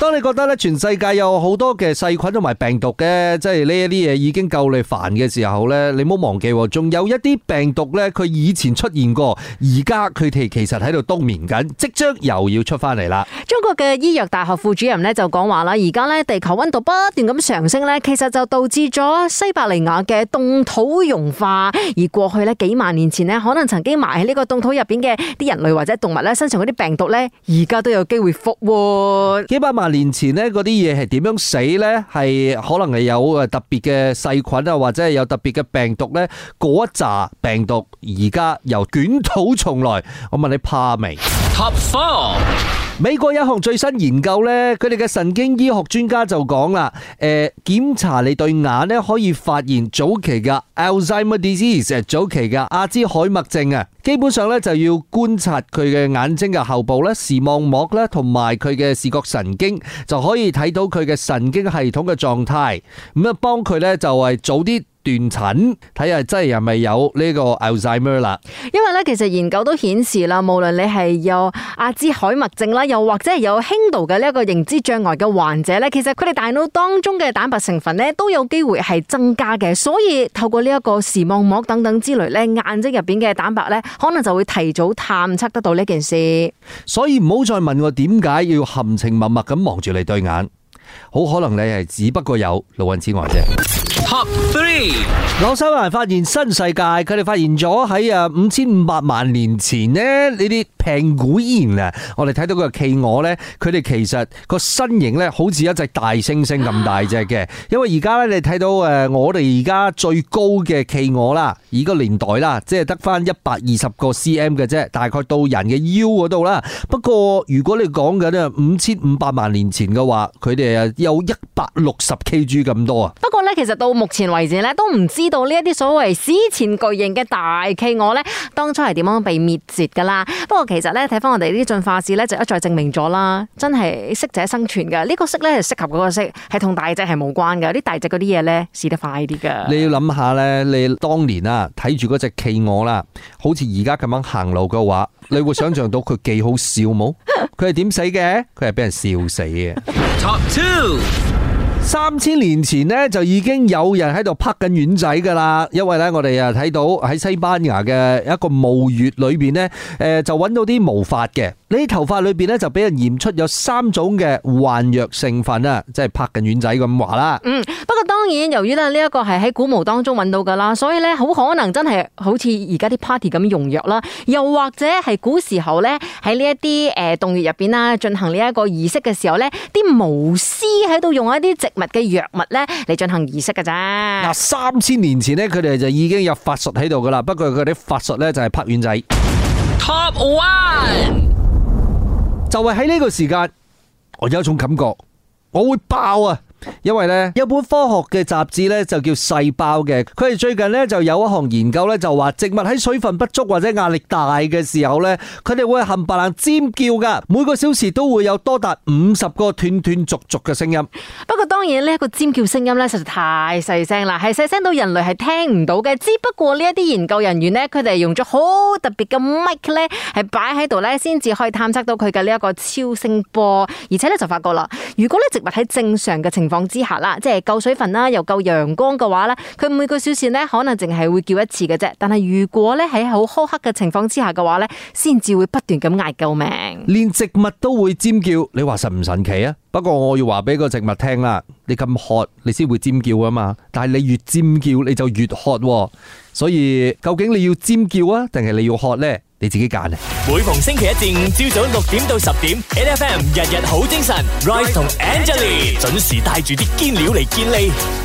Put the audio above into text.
當你覺得咧全世界有好多嘅細菌同埋病毒嘅，即係呢一啲嘢已經夠你煩嘅時候咧，你唔好忘記仲有一啲病毒呢，佢以前出現過，而家佢哋其實喺度冬眠緊，即將又要出翻嚟啦。中國嘅醫藥大學副主任呢，就講話啦，而家呢，地球溫度不斷咁上升呢，其實就導致咗西伯利亞嘅凍土融化，而過去呢，幾萬年前呢，可能曾經埋喺呢個凍土入邊嘅啲人類或者動物呢，身上嗰啲病毒呢，而家都有機會復活。幾百萬。十年前呢，嗰啲嘢係點樣死呢？係可能係有誒特別嘅細菌啊，或者係有特別嘅病毒呢。嗰一紮病毒而家又捲土重來，我問你怕未？Top Four 美國有一項最新研究呢，佢哋嘅神經醫學專家就講啦，呃、檢查你對眼呢，可以發現早期嘅 Alzheimer disease，早期嘅阿茲海默症啊，基本上呢，就要觀察佢嘅眼睛嘅後部咧，視網膜咧，同埋佢嘅視覺神經就可以睇到佢嘅神經系統嘅狀態，咁啊幫佢呢，就係早啲。斷診睇下真係咪有呢個阿爾茨海默啦，因為咧其實研究都顯示啦，無論你係有阿茲海默症啦，又或者係有輕度嘅呢一個認知障礙嘅患者咧，其實佢哋大腦當中嘅蛋白成分咧都有機會係增加嘅，所以透過呢一個視網膜等等之類咧，眼睛入邊嘅蛋白咧，可能就會提早探測得到呢件事，所以唔好再問我點解要含情脈脈咁望住你對眼，好可能你係只不過有老人癡呆啫。Top three，攞生物發現新世界，佢哋發現咗喺誒五千五百萬年前呢，呢啲平古螈啊，我哋睇到佢個企鵝呢，佢哋其實個身形呢，好似一隻大猩猩咁大隻嘅，因為而家呢，你睇到誒我哋而家最高嘅企鵝啦，而個年代啦，即係得返一百二十個 cm 嘅啫，大概到人嘅腰嗰度啦。不過如果你講緊咧五千五百萬年前嘅話，佢哋啊有一百六十 kg 咁多啊。不過呢，其實都冇。目前為止咧，都唔知道呢一啲所謂史前巨型嘅大企鵝咧，當初係點樣被滅絕噶啦。不過其實咧，睇翻我哋呢啲進化史咧，就一再證明咗啦，真係適者生存噶。呢個適咧係適合嗰個適，係同大隻係冇關噶。啲大隻嗰啲嘢咧，死得快啲噶。你要諗下咧，你當年啊睇住嗰隻企鵝啦，好似而家咁樣行路嘅話，你會想象到佢幾好笑冇？佢係點死嘅？佢係俾人笑死嘅。 三千年前呢，就已經有人喺度拍緊丸仔㗎喇，因為呢，我哋啊睇到喺西班牙嘅一個墓穴裏邊呢，誒就揾到啲毛髮嘅，呢啲頭髮裏邊呢，就俾人驗出有三種嘅幻藥成分啊，即係拍緊丸仔咁話啦。嗯不過當然，由於咧呢一個係喺古墓當中揾到噶啦，所以咧好可能真係好似而家啲 party 咁用藥啦，又或者係古時候咧喺呢一啲誒洞穴入邊啦，進行呢一個儀式嘅時候咧，啲巫師喺度用一啲植物嘅藥物咧嚟進行儀式噶咋嗱，三千年前咧，佢哋就已經有法術喺度噶啦，不過佢啲法術咧就係拍丸仔。Top one 就係喺呢個時間，我有一種感覺，我會爆啊！因為呢，有本科學嘅雜誌呢，就叫《細胞》嘅，佢哋最近呢，就有一項研究呢，就話，植物喺水分不足或者壓力大嘅時候呢，佢哋會冚唪唥尖叫㗎，每個小時都會有多達五十個斷斷續續嘅聲音。呢一個尖叫聲音咧，實在太細聲啦，係細聲到人類係聽唔到嘅。只不過呢一啲研究人員呢，佢哋用咗好特別嘅 mic 咧，係擺喺度咧，先至可以探測到佢嘅呢一個超聲波。而且咧就發覺啦，如果咧植物喺正常嘅情況之下啦，即係夠水分啦，又夠陽光嘅話咧，佢每個小時呢可能淨係會叫一次嘅啫。但係如果咧喺好苛刻嘅情況之下嘅話咧，先至會不斷咁嗌救命。連植物都會尖叫，你話神唔神奇啊？不過我要話俾個植物聽啦，你咁渴，你先會尖叫啊嘛，但係你越尖叫你就越渴喎！所以究竟你要尖叫啊，定係你要渴呢？你自己揀啊！每逢星期一至五朝早六點到十點，NFM 日日好精神，Rise 同 Angelina 準時帶住啲堅料嚟建利。